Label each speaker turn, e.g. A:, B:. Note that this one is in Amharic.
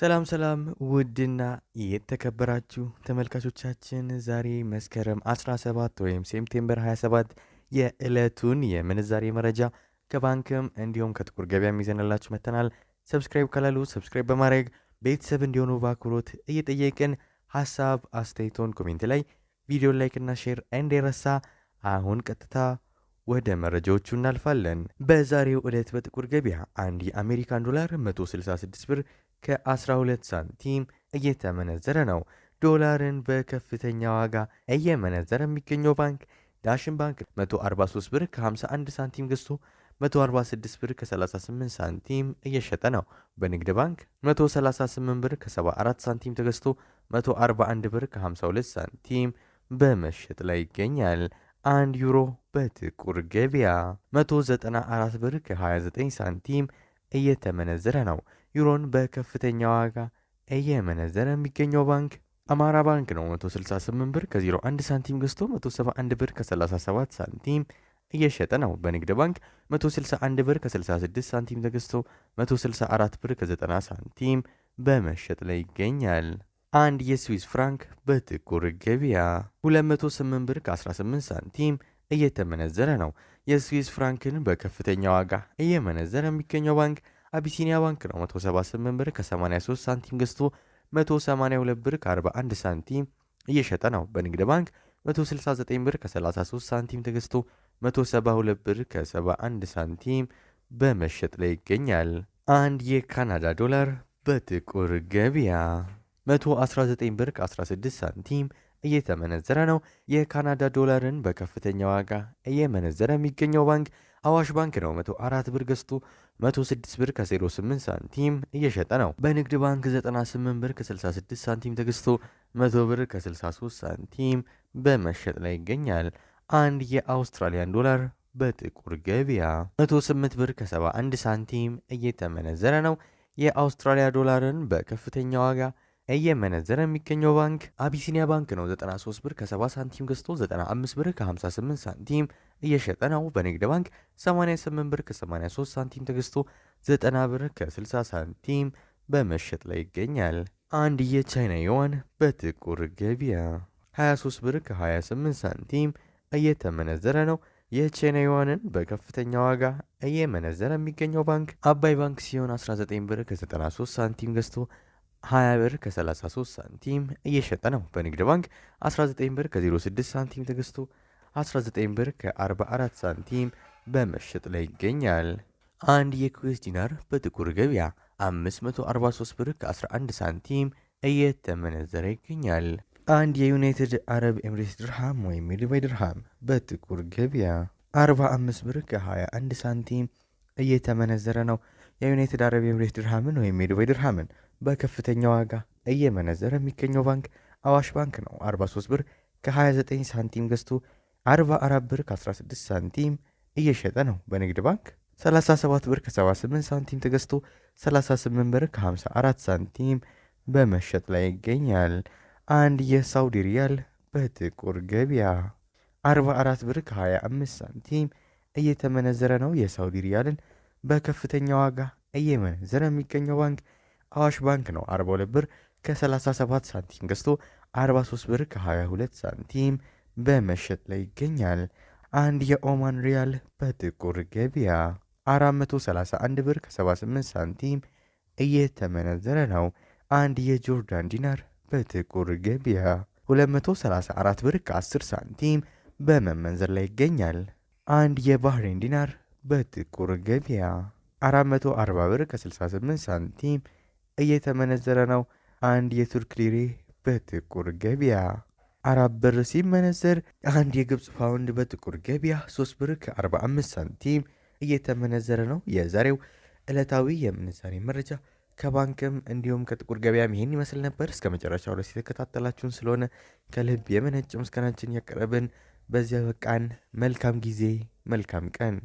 A: ሰላም ሰላም ውድና የተከበራችሁ ተመልካቾቻችን ዛሬ መስከረም 17 ወይም ሴፕቴምበር 27 የዕለቱን የምንዛሬ መረጃ ከባንክም እንዲሁም ከጥቁር ገቢያ ይዘንላችሁ መተናል። ሰብስክራይብ ካላሉ ሰብስክራይብ በማድረግ ቤተሰብ እንዲሆኑ በአክብሮት እየጠየቅን ሀሳብ አስተያየቶን ኮሜንት ላይ ቪዲዮ ላይክና ሼር እንዳይረሳ። አሁን ቀጥታ ወደ መረጃዎቹ እናልፋለን። በዛሬው ዕለት በጥቁር ገበያ አንድ የአሜሪካን ዶላር 166 ብር ከ12 ሳንቲም እየተመነዘረ ነው። ዶላርን በከፍተኛ ዋጋ እየመነዘረ የሚገኘው ባንክ ዳሽን ባንክ 143 ብር ከ51 ሳንቲም ገዝቶ 146 ብር ከ38 ሳንቲም እየሸጠ ነው። በንግድ ባንክ 138 ብር ከ74 ሳንቲም ተገዝቶ 141 ብር ከ52 ሳንቲም በመሸጥ ላይ ይገኛል። አንድ ዩሮ በጥቁር ገበያ 194 ብር ከ29 ሳንቲም እየተመነዘረ ነው። ዩሮን በከፍተኛ ዋጋ እየመነዘረ የሚገኘው ባንክ አማራ ባንክ ነው። 168 ብር ከ01 ሳንቲም ገዝቶ 171 ብር ከ37 ሳንቲም እየሸጠ ነው። በንግድ ባንክ 161 ብር ከ66 ሳንቲም ተገዝቶ 164 ብር ከ90 ሳንቲም በመሸጥ ላይ ይገኛል። አንድ የስዊስ ፍራንክ በጥቁር ገበያ 208 ብር ከ18 ሳንቲም እየተመነዘረ ነው። የስዊስ ፍራንክን በከፍተኛ ዋጋ እየመነዘረ የሚገኘው ባንክ አቢሲኒያ ባንክ ነው 178 ብር ከ83 ሳንቲም ገዝቶ 182 ብር ከ41 ሳንቲም እየሸጠ ነው። በንግድ ባንክ 169 ብር ከ33 ሳንቲም ተገዝቶ 172 ብር ከ71 ሳንቲም በመሸጥ ላይ ይገኛል። አንድ የካናዳ ዶላር በጥቁር ገበያ 119 ብር ከ16 ሳንቲም እየተመነዘረ ነው። የካናዳ ዶላርን በከፍተኛ ዋጋ እየመነዘረ የሚገኘው ባንክ አዋሽ ባንክ ነው 104 ብር ገዝቶ 106 ብር ከ08 ሳንቲም እየሸጠ ነው። በንግድ ባንክ 98 ብር ከ66 ሳንቲም ተገዝቶ 100 ብር ከ63 ሳንቲም በመሸጥ ላይ ይገኛል። አንድ የአውስትራሊያን ዶላር በጥቁር ገበያ 108 ብር ከ71 ሳንቲም እየተመነዘረ ነው። የአውስትራሊያ ዶላርን በከፍተኛ ዋጋ እየመነዘረ የሚገኘው ባንክ አቢሲኒያ ባንክ ነው። 93 ብር ከ70 ሳንቲም ገዝቶ 95 ብር ከ58 ሳንቲም እየሸጠ ነው። በንግድ ባንክ 88 ብር ከ83 ሳንቲም ተገዝቶ 90 ብር ከ60 ሳንቲም በመሸጥ ላይ ይገኛል። አንድ የቻይና ዩዋን በጥቁር ገበያ 23 ብር ከ28 ሳንቲም እየተመነዘረ ነው። የቻይና ዩዋንን በከፍተኛ ዋጋ እየመነዘረ የሚገኘው ባንክ አባይ ባንክ ሲሆን 19 ብር ከ93 ሳንቲም ገዝቶ 20 ብር ከ33 ሳንቲም እየሸጠ ነው። በንግድ ባንክ 19 ብር ከ06 ሳንቲም ተገዝቶ 19 ብር ከ44 ሳንቲም በመሸጥ ላይ ይገኛል። አንድ የኩዌስ ዲናር በጥቁር ገበያ 543 ብር ከ11 ሳንቲም እየተመነዘረ ይገኛል። አንድ የዩናይትድ አረብ ኤምሬት ድርሃም ወይም የዱባይ ድርሃም በጥቁር ገበያ 45 ብር ከ21 ሳንቲም እየተመነዘረ ነው። የዩናይትድ አረብ ኤምሬት ድርሃምን ወይም የዱባይ ድርሃምን በከፍተኛ ዋጋ እየመነዘረ የሚገኘው ባንክ አዋሽ ባንክ ነው። 43 ብር ከ29 ሳንቲም ገዝቶ 44 ብር ከ16 ሳንቲም እየሸጠ ነው። በንግድ ባንክ 37 ብር ከ78 ሳንቲም ተገዝቶ 38 ብር ከ54 ሳንቲም በመሸጥ ላይ ይገኛል። አንድ የሳውዲ ሪያል በጥቁር ገበያ 44 ብር ከ25 ሳንቲም እየተመነዘረ ነው። የሳውዲ ሪያልን በከፍተኛ ዋጋ እየመነዘረ የሚገኘው ባንክ አዋሽ ባንክ ነው። 42 ብር ከ37 ሳንቲም ገዝቶ 43 ብር ከ22 ሳንቲም በመሸጥ ላይ ይገኛል። አንድ የኦማን ሪያል በጥቁር ገበያ 431 ብር ከ78 ሳንቲም እየተመነዘረ ነው። አንድ የጆርዳን ዲናር በጥቁር ገበያ 234 ብር ከ10 ሳንቲም በመመንዘር ላይ ይገኛል። አንድ የባህሬን ዲናር በጥቁር ገበያ 440 ብር ከ68 ሳንቲም እየተመነዘረ ነው። አንድ የቱርክ ሊሬ በጥቁር ገበያ አራት ብር ሲመነዘር አንድ የግብፅ ፓውንድ በጥቁር ገበያ 3 ብር ከ45 ሳንቲም እየተመነዘረ ነው። የዛሬው ዕለታዊ የምንዛሬ መረጃ ከባንክም እንዲሁም ከጥቁር ገበያም ይሄን ይመስል ነበር። እስከ መጨረሻው ድረስ የተከታተላችሁን ስለሆነ ከልብ የመነጨ ምስጋናችን ያቀረብን፣ በዚያ በቃን። መልካም ጊዜ፣ መልካም ቀን